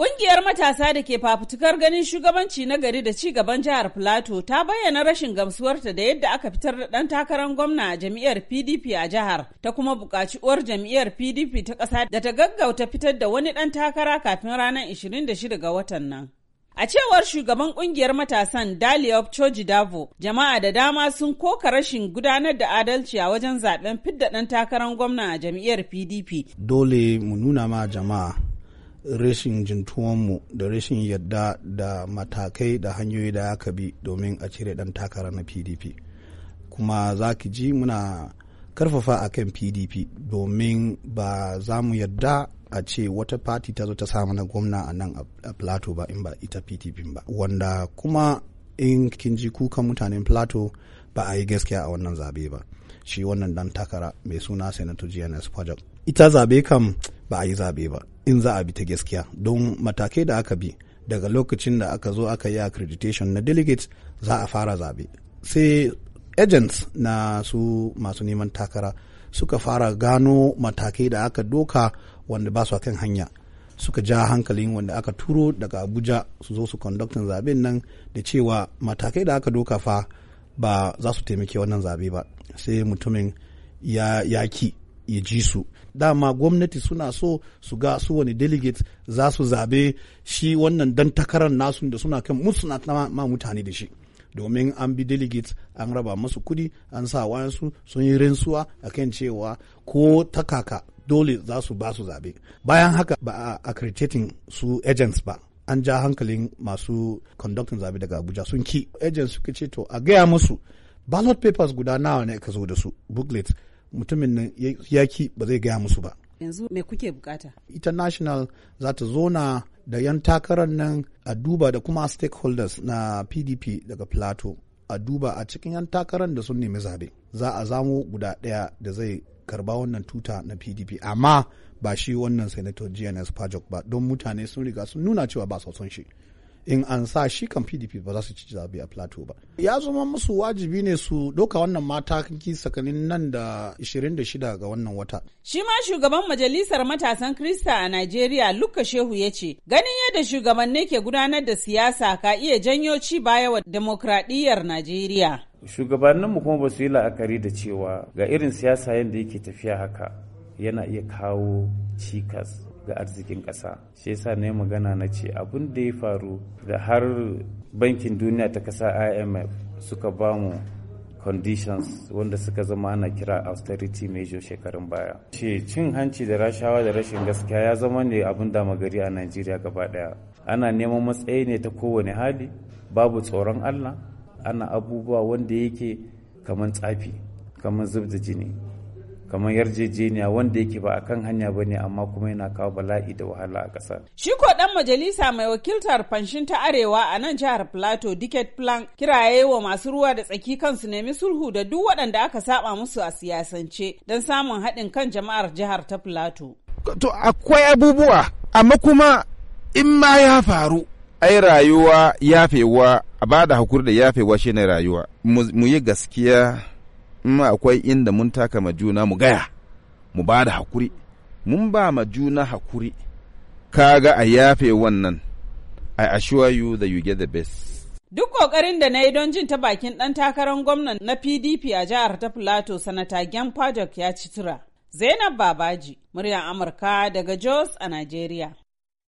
Ƙungiyar matasa da ke fafutukar ganin shugabanci na gari da ci gaban jihar Filato ta bayyana rashin gamsuwarta da yadda aka fitar da ɗan takarar gwamna a jam'iyyar PDP a jihar, ta kuma buƙaci uwar jam'iyyar PDP ta ƙasa da ta gaggauta fitar da wani ɗan takara kafin ranar 26 ga watan nan. A cewar shugaban kungiyar matasan Daliop Choji Davo, jama'a da dama sun koka rashin gudanar da adalci a wajen zaben fidda ɗan takarar gwamna a jam'iyyar PDP. Dole mu nuna ma jama'a rashin jintuwanmu da rashin yadda da matakai da hanyoyi da aka bi domin a cire ɗan takara na pdp kuma za ki ji muna karfafa a kan pdp domin ba za mu yadda a ce wata fati ta zo ta samu na gwamna a nan a plateau ba in ba ita pdp ba wanda kuma in kin ji kukan mutanen plateau ba a yi gaskiya a wannan zabe ba shi wannan dan takara mai suna senator gns project ita zabe kam ba a yi zaɓe ba in za a bi ta gaskiya don matakai da aka bi daga lokacin da aka zo aka yi accreditation na delegates za a fara zaɓe sai agents na su masu neman takara suka fara gano matakai da aka doka wanda ba su kan hanya suka ja hankalin wanda aka turo daga abuja su zo su conductin zaɓen nan da cewa matakai da aka doka fa ba za su taimake wannan zaɓe ba sai mutumin ya yaki ya ji su dama gwamnati suna so su ga su wani delegate za su zabe shi wannan dan takarar nasu da suna kan musu na ma mutane da shi domin an bi delegates an raba masu kudi an sa wayansu sun yi rinsuwa a kan cewa ko takaka dole za su ba su zabe bayan haka ba a accrediting su agents ba an ja hankalin masu conducting zabe daga abuja sun ki agents suka ce to a gaya musu ballot papers guda nawa ne ka zo da su booklet mutumin nan ya ki ba zai gaya musu ba yanzu me kuke bukata international za ta zona da yan takarar nan a duba da kuma stakeholders na pdp daga plato a duba a cikin yan takarar da sun nemi zaɓe za a zamo guda ɗaya da zai karba wannan tuta na pdp amma ba shi wannan senator gns pajok ba don mutane sun riga sun nuna cewa ba son shi in an sa shi kan pdp ba za su ci zabe a plateau ba ya zama musu wajibi ne su doka wannan mata tsakanin nan da 26 ga wannan wata shi ma shugaban majalisar matasan krista a nigeria luka shehu ya ce ganin yadda shugabanni ke gudanar da siyasa ka iya janyo ci baya wa demokradiyyar nigeria shugabanninmu kuma ba su yi la'akari da cewa ga irin siyasa yadda yake tafiya haka yana iya kawo cikas ga arzikin ƙasa shi yasa na yi magana na ce abin da ya faru da har bankin duniya ta kasa imf suka ba mu conditions wanda suka zama ana kira austerity measure shekarun baya ce cin hanci da rashawa da rashin gaskiya ya zama ne abin dama gari a najeriya gaba daya ana neman matsayi ne ta kowane hali babu tsoron allah ana abubuwa wanda yake kamar tsafi kamar zub da jini kamar yarjejeniya wanda yake ba a kan hanya ba ne amma kuma yana kawo bala'i da wahala a ƙasa. Shi ko ɗan majalisa mai wakiltar fanshin ta Arewa a nan jihar Plateau Dicket Plank kiraye wa masu ruwa da tsaki kansu nemi sulhu da duk waɗanda aka saba musu a siyasance don samun haɗin kan jama'ar jihar ta Plateau. To akwai abubuwa amma kuma in ma ya faru ai rayuwa yafewa a ba da hakuri da yafewa ne rayuwa mu yi gaskiya in akwai inda mun taka ma juna mu gaya mu ba da hakuri mun ba ma juna hakuri kaga a yafe wannan i assure you that you get the best duk kokarin da na yi don jin ta bakin dan takarar gwamnan na pdp a jihar ta plateau sanata gyan ya ci tura zainab babaji murya amurka daga jos a nigeria